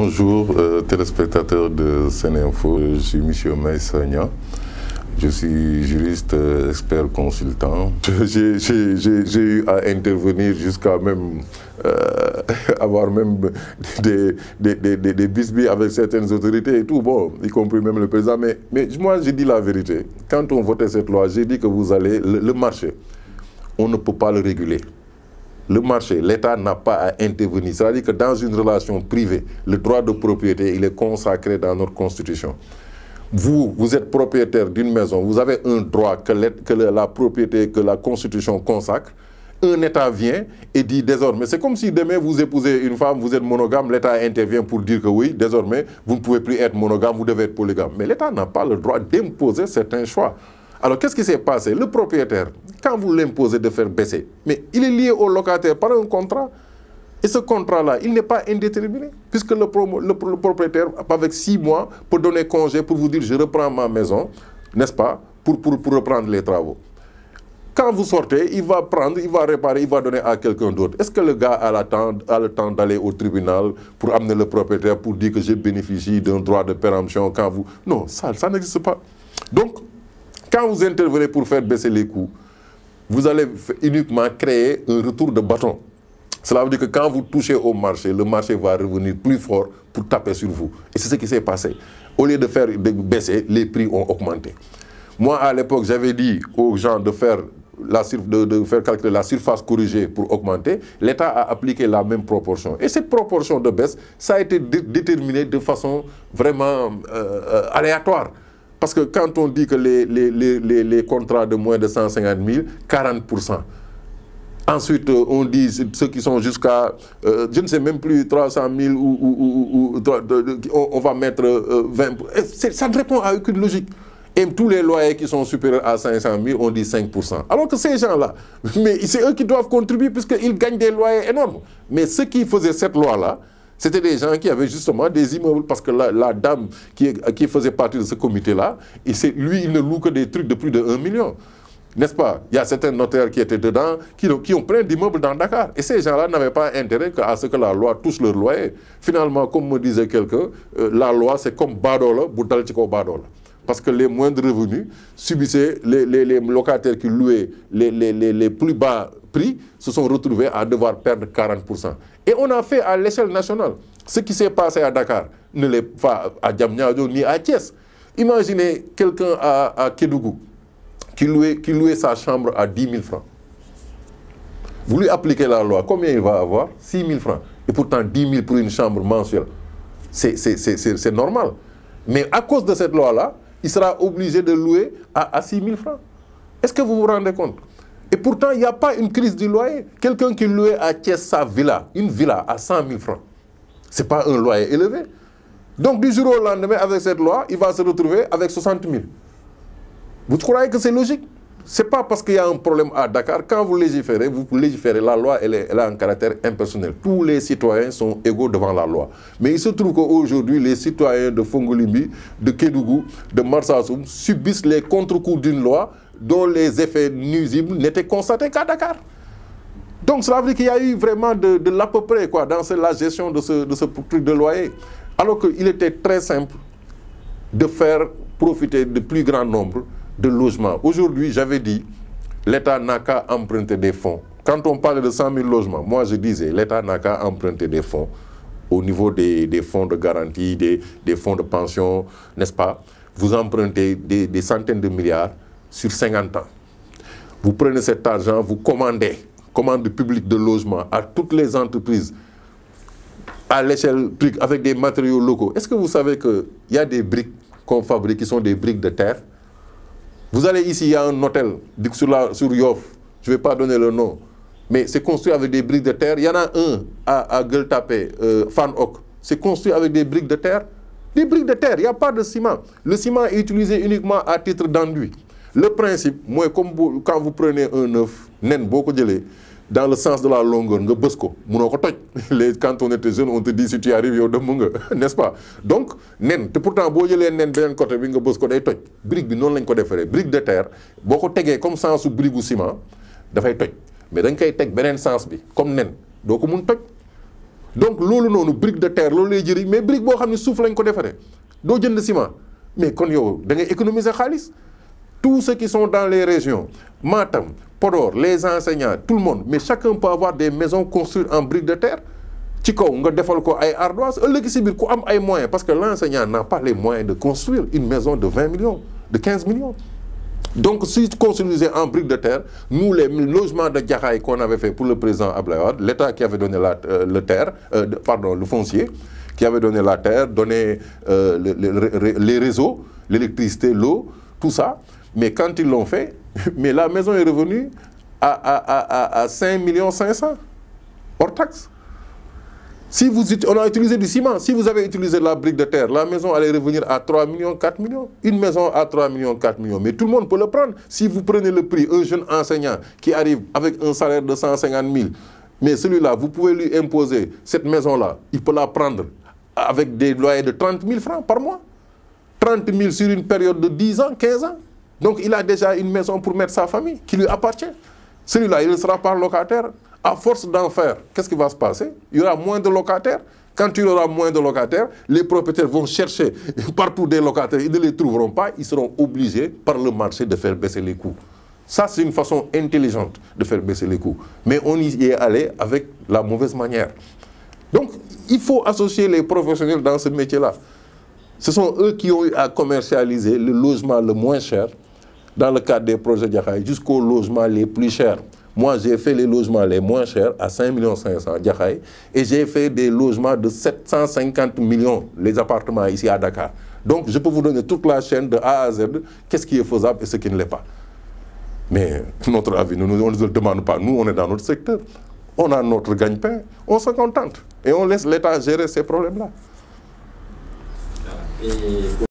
Bonjour euh, téléspectateurs de Séninfo, je suis Monsieur Maïsagna. Je suis juriste, euh, expert consultant. J'ai eu à intervenir jusqu'à même euh, avoir même des, des, avec certaines autorités et tout, bon, y compris même le président. Mais, moi, j'ai dit la vérité. Quand on votait cette loi, j'ai dit que vous allez, le, le marché, on ne peut pas le réguler le marché, l'État n'a pas à intervenir. C'est-à-dire que dans une relation privée, le droit de propriété, il est consacré dans notre Constitution. Vous, vous êtes propriétaire d'une maison, vous avez un droit que, que la propriété, que la Constitution consacre. Un État vient et dit désormais, c'est comme si demain vous épousez une femme, vous êtes monogame, l'État intervient pour dire que oui, désormais, vous ne pouvez plus être monogame, vous devez être polygame. Mais l'État n'a pas le droit d'imposer certains choix. Alors qu'est-ce qui s'est passé Le propriétaire, quand vous l'imposez de faire baisser, mais il est lié au locataire par un contrat. Et ce contrat-là, il n'est pas indéterminé, puisque le, le, propriétaire, avec six mois, peut donner congé pour vous dire je reprends ma maison, n'est-ce pas, pour, pour, pour reprendre les travaux. Quand vous sortez, il va prendre, il va réparer, il va donner à quelqu'un d'autre. Est-ce que le gars a, a le temps d'aller au tribunal pour amener le propriétaire pour dire que j'ai bénéficié d'un droit de péremption quand vous... Non, ça, ça n'existe pas. Donc, quand vous intervenez pour faire baisser les coûts, vous allez uniquement créer un retour de bâton. Cela veut dire que quand vous touchez au marché, le marché va revenir plus fort pour taper sur vous. Et c'est ce qui s'est passé. Au lieu de faire baisser, les prix ont augmenté. Moi, à l'époque, j'avais dit aux gens de faire, la de, faire calculer la surface corrigée pour augmenter. L'État a appliqué la même proportion. Et cette proportion de baisse, ça a été déterminé de façon vraiment euh, euh, aléatoire. Parce que quand on dit que les, les, les, contrats de moins de 150 000, 40 Ensuite, euh, on dit ceux qui sont jusqu'à, euh, je ne sais même plus, 300 000 ou, on, va mettre 20 euh, Ça ne répond à aucune logique. Et tous les loyers qui sont supérieurs à 500 000, on dit 5 Alors que ces gens-là, mais c'est eux qui doivent contribuer puisqu'ils gagnent des loyers énormes. Mais ceux qui faisaient cette loi-là, c'était des gens qui avaient justement des immeubles parce que la, dame qui, qui, faisait partie de ce comité-là, lui, il ne loue que des trucs de plus de 1 million. N'est-ce pas Il y a certains notaires qui étaient dedans, qui, qui ont plein d'immeubles dans Dakar. Et ces gens-là n'avaient pas intérêt à ce que la loi touche leur loyer. Finalement, comme me disait quelqu'un, euh, la loi, c'est comme Badola, Boudalchiko Badola parce que les moindres revenus subissaient les, locataires qui louaient les, les, plus bas se sont retrouvés à devoir perdre 40%. Et on a fait à l'échelle nationale ce qui s'est passé à Dakar, ne l'est pas à Djamnyadjo ni à Thiès. Imaginez quelqu'un à, à, Kédougou qui louait, qui louait sa chambre à 10 000 francs. Vous lui appliquez la loi, combien il va avoir 6 000 francs. Et pourtant, 10 000 pour une chambre mensuelle, c'est normal. Mais à cause de cette loi-là, il sera obligé de louer à, à 6 000 francs. Est-ce que vous vous rendez compte et pourtant, il n'y a pas une crise du loyer. Quelqu'un qui louait à Thiès sa villa, une villa à 100 000 francs, ce n'est pas un loyer élevé. Donc du jour au lendemain, avec cette loi, il va se retrouver avec 60 000. Vous croyez que c'est logique ce n'est pas parce qu'il y a un problème à Dakar. Quand vous légiférez, vous légiférez. La loi, elle, elle a un caractère impersonnel. Tous les citoyens sont égaux devant la loi. Mais il se trouve qu'aujourd'hui, les citoyens de Fongolimbi, de Kédougou, de Marsassoum subissent les contre-coups d'une loi dont les effets nuisibles n'étaient constatés qu'à Dakar. Donc cela veut dire qu'il y a eu vraiment de, l'à peu près dans la gestion de ce, de truc de loyer. Alors qu'il était très simple de faire profiter de plus grand nombre de logements. Aujourd'hui, j'avais dit, l'État n'a qu'à emprunter des fonds. Quand on parle de 100 000 logements, moi je disais, l'État n'a qu'à emprunter des fonds au niveau des, fonds de garantie, des, fonds de pension, n'est-ce pas Vous empruntez des, centaines de milliards sur 50 ans. Vous prenez cet argent, vous commandez, commande publique de logement à toutes les entreprises à l'échelle avec des matériaux locaux. Est-ce que vous savez qu'il y a des briques qu'on fabrique qui sont des briques de terre vous allez ici, il y a un hôtel sur, la, sur je ne vais pas donner le nom, mais c'est construit avec des briques de terre. Il y en a un à, à Gueltapé, euh, c'est construit avec des briques de terre. Des briques de terre, il n'y a pas de ciment. Le ciment est utilisé uniquement à titre d'enduit. Le principe, moi, comme quand vous prenez un œuf, nen, beaucoup de lait, dans le sens de la longueur nga bës ko toj les quand on était jeune on te dit si tu arrives au dëmm nga n'est-ce pas donc nen te pourtant boo les nen bien côté bi nga bës ko day toj brique bi noonu lañ ko brique de terre Beaucoup ko tegee comme sensu brique ou ciment dafay toj mais dañ koy teg beneen sens bi comme nen Donc ko mun toj donc loolu noonu brique de terre loolu lay mais brique beaucoup xam ne suuf lañ ko defaree doo jënd ciment mais kon yo da ngay économiser xaalis tous ceux qui sont dans les régions, Matam, poror, les enseignants, tout le monde, mais chacun peut avoir des maisons construites en briques de terre. nga defal ko ay ardoise ëllëg qui moyens parce que l'enseignant n'a pas les moyens de construire une maison de 20 millions de 15 millions donc si construisez en briques de terre nous les logements de Jaxaay qu'on avait fait pour le président Abdoulaye l'État qui avait donné la euh, le terre euh, pardon le foncier qui avait donné la terre donné euh, les réseaux l'électricité l'eau tout ça mais quand ils l'ont fait, mais la maison est revenue à, à, à, à 5 millions 500 hors taxe. Si vous, on a utilisé du ciment, si vous avez utilisé la brique de terre, la maison allait revenir à 3 millions, 4 millions. Une maison à 3 millions, 4 millions. Mais tout le monde peut le prendre. Si vous prenez le prix, un jeune enseignant qui arrive avec un salaire de 150 000, mais celui-là, vous pouvez lui imposer cette maison-là, il peut la prendre avec des loyers de 30 000 francs par mois. 30 000 sur une période de 10 ans, 15 ans. Donc il a déjà une maison pour mettre sa famille qui lui appartient. Celui-là, il ne sera pas locataire. À force d'en faire, qu'est-ce qui va se passer Il y aura moins de locataires. Quand il y aura moins de locataires, les propriétaires vont chercher partout des locataires. Ils ne les trouveront pas. Ils seront obligés par le marché de faire baisser les coûts. Ça, c'est une façon intelligente de faire baisser les coûts. Mais on y est allé avec la mauvaise manière. Donc, il faut associer les professionnels dans ce métier-là. Ce sont eux qui ont eu à commercialiser le logement le moins cher dans le cadre des projets Diakhaï jusqu'aux logements les plus chers. Moi, j'ai fait les logements les moins chers à 5 500 000 et j'ai fait des logements de 750 millions, les appartements ici à Dakar. Donc, je peux vous donner toute la chaîne de A à Z, qu'est-ce qui est faisable et ce qui ne l'est pas. Mais notre avis, nous, on ne le demande pas. Nous, on est dans notre secteur. On a notre gagne-pain. On se contente. Et on laisse l'État gérer ces problèmes-là. Et...